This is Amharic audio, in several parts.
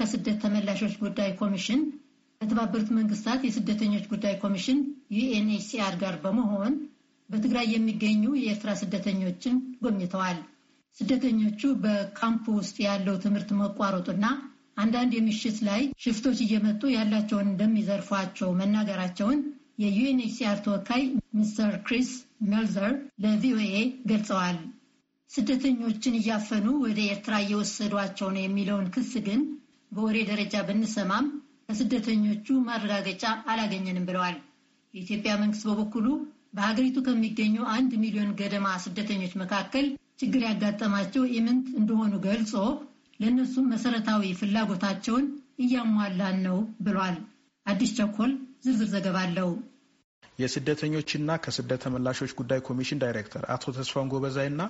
ከስደት ተመላሾች ጉዳይ ኮሚሽን ከተባበሩት መንግስታት የስደተኞች ጉዳይ ኮሚሽን ዩኤንኤችሲአር ጋር በመሆን በትግራይ የሚገኙ የኤርትራ ስደተኞችን ጎብኝተዋል። ስደተኞቹ በካምፕ ውስጥ ያለው ትምህርት መቋረጡና አንዳንድ የምሽት ላይ ሽፍቶች እየመጡ ያላቸውን እንደሚዘርፏቸው መናገራቸውን የዩኤንኤችሲአር ተወካይ ሚስተር ክሪስ ሜልዘር ለቪኦኤ ገልጸዋል። ስደተኞችን እያፈኑ ወደ ኤርትራ እየወሰዷቸው ነው የሚለውን ክስ ግን በወሬ ደረጃ ብንሰማም ከስደተኞቹ ማረጋገጫ አላገኘንም ብለዋል። የኢትዮጵያ መንግስት በበኩሉ በሀገሪቱ ከሚገኙ አንድ ሚሊዮን ገደማ ስደተኞች መካከል ችግር ያጋጠማቸው ኢምንት እንደሆኑ ገልጾ ለእነሱም መሰረታዊ ፍላጎታቸውን እያሟላን ነው ብሏል። አዲስ ቸኮል ዝርዝር ዘገባ አለው። የስደተኞችና ከስደት ተመላሾች ጉዳይ ኮሚሽን ዳይሬክተር አቶ ተስፋን ጎበዛይና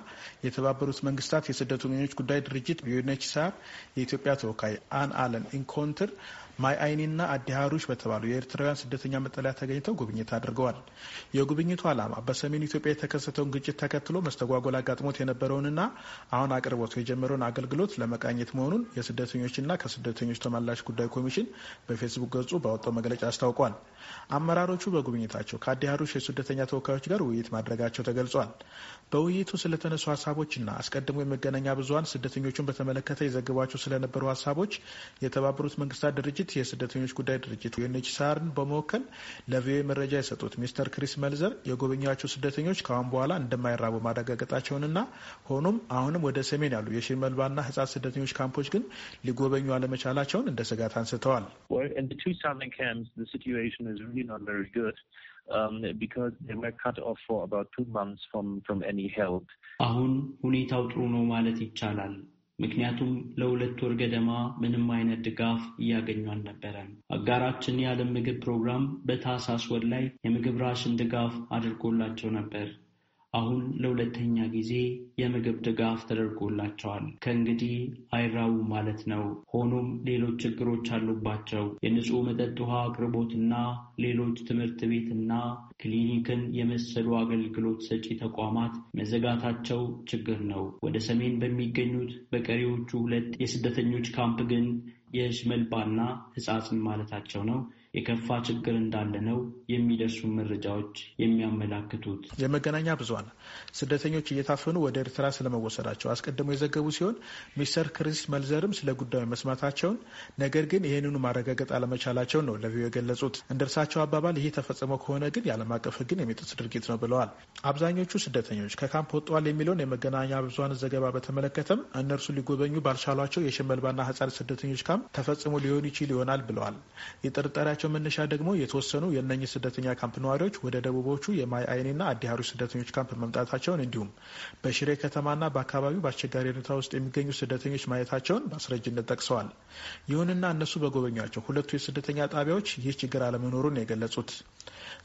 የተባበሩት መንግስታት የስደተኞች ጉዳይ ድርጅት ዩኤንኤችሲአር የኢትዮጵያ ተወካይ አን አለን ኢንኮንትር ማይ አይኒና አዲሃሩሽ በተባሉ የኤርትራውያን ስደተኛ መጠለያ ተገኝተው ጉብኝት አድርገዋል። የጉብኝቱ ዓላማ በሰሜን ኢትዮጵያ የተከሰተውን ግጭት ተከትሎ መስተጓጎል አጋጥሞት የነበረውንና አሁን አቅርቦቱ የጀመረውን አገልግሎት ለመቃኘት መሆኑን የስደተኞችና ከስደተኞች ተመላሽ ጉዳይ ኮሚሽን በፌስቡክ ገጹ ባወጣው መግለጫ አስታውቋል። አመራሮቹ በጉብኝታቸው ከአዲ ሀሩሽ የስደተኛ ተወካዮች ጋር ውይይት ማድረጋቸው ተገልጿል። በውይይቱ ስለተነሱ ሀሳቦችና አስቀድሞ የመገናኛ ብዙሀን ስደተኞቹን በተመለከተ የዘገቧቸው ስለነበሩ ሀሳቦች የተባበሩት መንግስታት ድርጅት ድርጅት የስደተኞች ጉዳይ ድርጅት ዩኤንኤችሲአርን በመወከል ለቪኦኤ መረጃ የሰጡት ሚስተር ክሪስ መልዘር የጎበኛቸው ስደተኞች ከአሁን በኋላ እንደማይራቡ ማረጋገጣቸውንና ሆኖም አሁንም ወደ ሰሜን ያሉ የሽመልባና ህጻት ስደተኞች ካምፖች ግን ሊጎበኙ አለመቻላቸውን እንደ ስጋት አንስተዋል። um, አሁን ሁኔታው ጥሩ ነው ማለት ይቻላል። ምክንያቱም ለሁለት ወር ገደማ ምንም አይነት ድጋፍ እያገኙ አልነበረም። አጋራችን የዓለም ምግብ ፕሮግራም በታህሳስ ወር ላይ የምግብ ራሽን ድጋፍ አድርጎላቸው ነበር። አሁን ለሁለተኛ ጊዜ የምግብ ድጋፍ ተደርጎላቸዋል። ከእንግዲህ አይራቡ ማለት ነው። ሆኖም ሌሎች ችግሮች አሉባቸው። የንጹህ መጠጥ ውሃ አቅርቦትና ሌሎች ትምህርት ቤትና ክሊኒክን የመሰሉ አገልግሎት ሰጪ ተቋማት መዘጋታቸው ችግር ነው። ወደ ሰሜን በሚገኙት በቀሪዎቹ ሁለት የስደተኞች ካምፕ ግን የሽመልባና ሕጻጽን ማለታቸው ነው የከፋ ችግር እንዳለ ነው የሚደርሱ መረጃዎች የሚያመላክቱት። የመገናኛ ብዙሃን ስደተኞች እየታፈኑ ወደ ኤርትራ ስለመወሰዳቸው አስቀድመው የዘገቡ ሲሆን ሚስተር ክሪስ መልዘርም ስለ ጉዳዩ መስማታቸውን ነገር ግን ይህንኑ ማረጋገጥ አለመቻላቸውን ነው ለቪኦኤ የገለጹት። እንደ እርሳቸው አባባል ይህ ተፈጽሞ ከሆነ ግን የዓለም አቀፍ ሕግን የሚጥስ ድርጊት ነው ብለዋል። አብዛኞቹ ስደተኞች ከካምፕ ወጥተዋል የሚለውን የመገናኛ ብዙሃን ዘገባ በተመለከተም እነርሱ ሊጎበኙ ባልቻሏቸው የሽመልባና ሕጻን ስደተኞች ካምፕ ተፈጽሞ ሊሆን ይችል ይሆናል ብለዋል። የጥርጠሪያ ጥያቄያቸው መነሻ ደግሞ የተወሰኑ የእነኚህ ስደተኛ ካምፕ ነዋሪዎች ወደ ደቡቦቹ የማይ አይኔና አዲሃሩ ስደተኞች ካምፕ መምጣታቸውን እንዲሁም በሽሬ ከተማና በአካባቢው በአስቸጋሪ ሁኔታ ውስጥ የሚገኙ ስደተኞች ማየታቸውን በአስረጅነት ጠቅሰዋል። ይሁንና እነሱ በጎበኟቸው ሁለቱ የስደተኛ ጣቢያዎች ይህ ችግር አለመኖሩን የገለጹት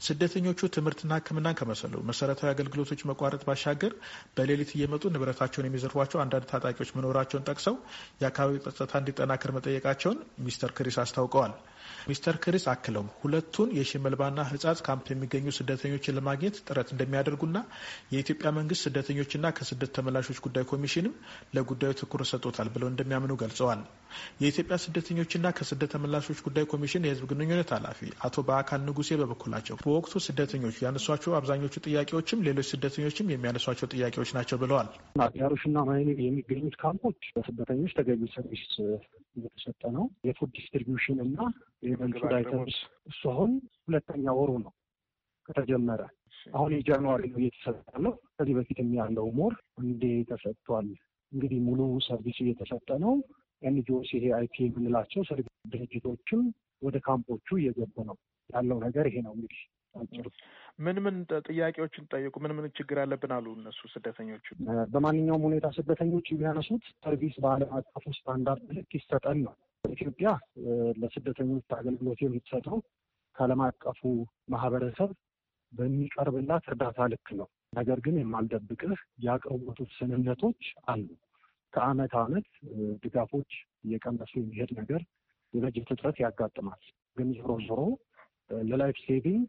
ስደተኞቹ ትምህርትና ሕክምናን ከመሰሉ መሰረታዊ አገልግሎቶች መቋረጥ ባሻገር በሌሊት እየመጡ ንብረታቸውን የሚዘርፏቸው አንዳንድ ታጣቂዎች መኖራቸውን ጠቅሰው የአካባቢው ጸጥታ እንዲጠናከር መጠየቃቸውን ሚስተር ክሪስ አስታውቀዋል። ሚስተር ክሪስ አክለውም ሁለቱን የሽመልባና ሕጻጽ ካምፕ የሚገኙ ስደተኞችን ለማግኘት ጥረት እንደሚያደርጉና የኢትዮጵያ መንግስት ስደተኞችና ከስደት ተመላሾች ጉዳይ ኮሚሽንም ለጉዳዩ ትኩረት ሰጥቶታል ብለው እንደሚያምኑ ገልጸዋል። የኢትዮጵያ ስደተኞችና ከስደት ተመላሾች ጉዳይ ኮሚሽን የህዝብ ግንኙነት ኃላፊ አቶ በአካል ንጉሴ በበኩ ናቸው። በወቅቱ ስደተኞቹ ያነሷቸው አብዛኞቹ ጥያቄዎችም ሌሎች ስደተኞችም የሚያነሷቸው ጥያቄዎች ናቸው ብለዋል። አርያሮሽና ማይኒ የሚገኙት ካምፖች በስደተኞች ተገቢ ሰርቪስ እየተሰጠ ነው። የፉድ ዲስትሪቢሽን እና የመንግስት አይተምስ እሱ አሁን ሁለተኛ ወሩ ነው ከተጀመረ አሁን የጃንዋሪ ነው እየተሰጠ ያለው። ከዚህ በፊትም ያለው ሞር እንዴ ተሰጥቷል። እንግዲህ ሙሉ ሰርቪስ እየተሰጠ ነው። ኤንጂኦስ ይሄ አይቲ የምንላቸው ሰርቪስ ድርጅቶችም ወደ ካምፖቹ እየገቡ ነው ያለው ነገር ይሄ ነው እንግዲህ ምን ምን ጥያቄዎችን ጠየቁ? ምን ምን ችግር አለብን አሉ እነሱ ስደተኞቹ። በማንኛውም ሁኔታ ስደተኞቹ የሚያነሱት ሰርቪስ በዓለም አቀፉ ስታንዳርድ ልክ ይሰጠን ነው። ኢትዮጵያ ለስደተኞች አገልግሎት የምትሰጠው ከዓለም አቀፉ ማህበረሰብ በሚቀርብላት እርዳታ ልክ ነው። ነገር ግን የማልደብቅህ የአቅርቦቱ ስንነቶች አሉ። ከአመት አመት ድጋፎች እየቀነሱ የሚሄድ ነገር የበጀት እጥረት ያጋጥማል። ግን ዞሮ ዞሮ ለላይፍ ሴቪንግ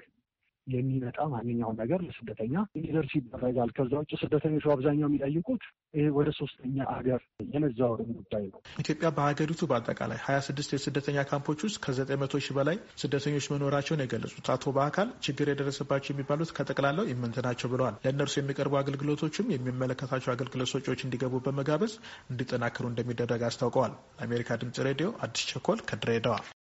የሚመጣ ማንኛውም ነገር ለስደተኛ እንዲደርስ ይደረጋል። ከዛ ውጭ ስደተኞቹ አብዛኛው የሚጠይቁት ወደ ሶስተኛ ሀገር የመዛወርን ጉዳይ ነው። ኢትዮጵያ በሀገሪቱ በአጠቃላይ ሀያ ስድስት የስደተኛ ካምፖች ውስጥ ከዘጠኝ መቶ ሺህ በላይ ስደተኞች መኖራቸውን የገለጹት አቶ በአካል ችግር የደረሰባቸው የሚባሉት ከጠቅላላው ይመንት ናቸው ብለዋል። ለእነርሱ የሚቀርቡ አገልግሎቶችም የሚመለከታቸው አገልግሎት ሰጪዎች እንዲገቡ በመጋበዝ እንዲጠናከሩ እንደሚደረግ አስታውቀዋል። ለአሜሪካ ድምጽ ሬዲዮ አዲስ ቸኮል ከድሬዳዋ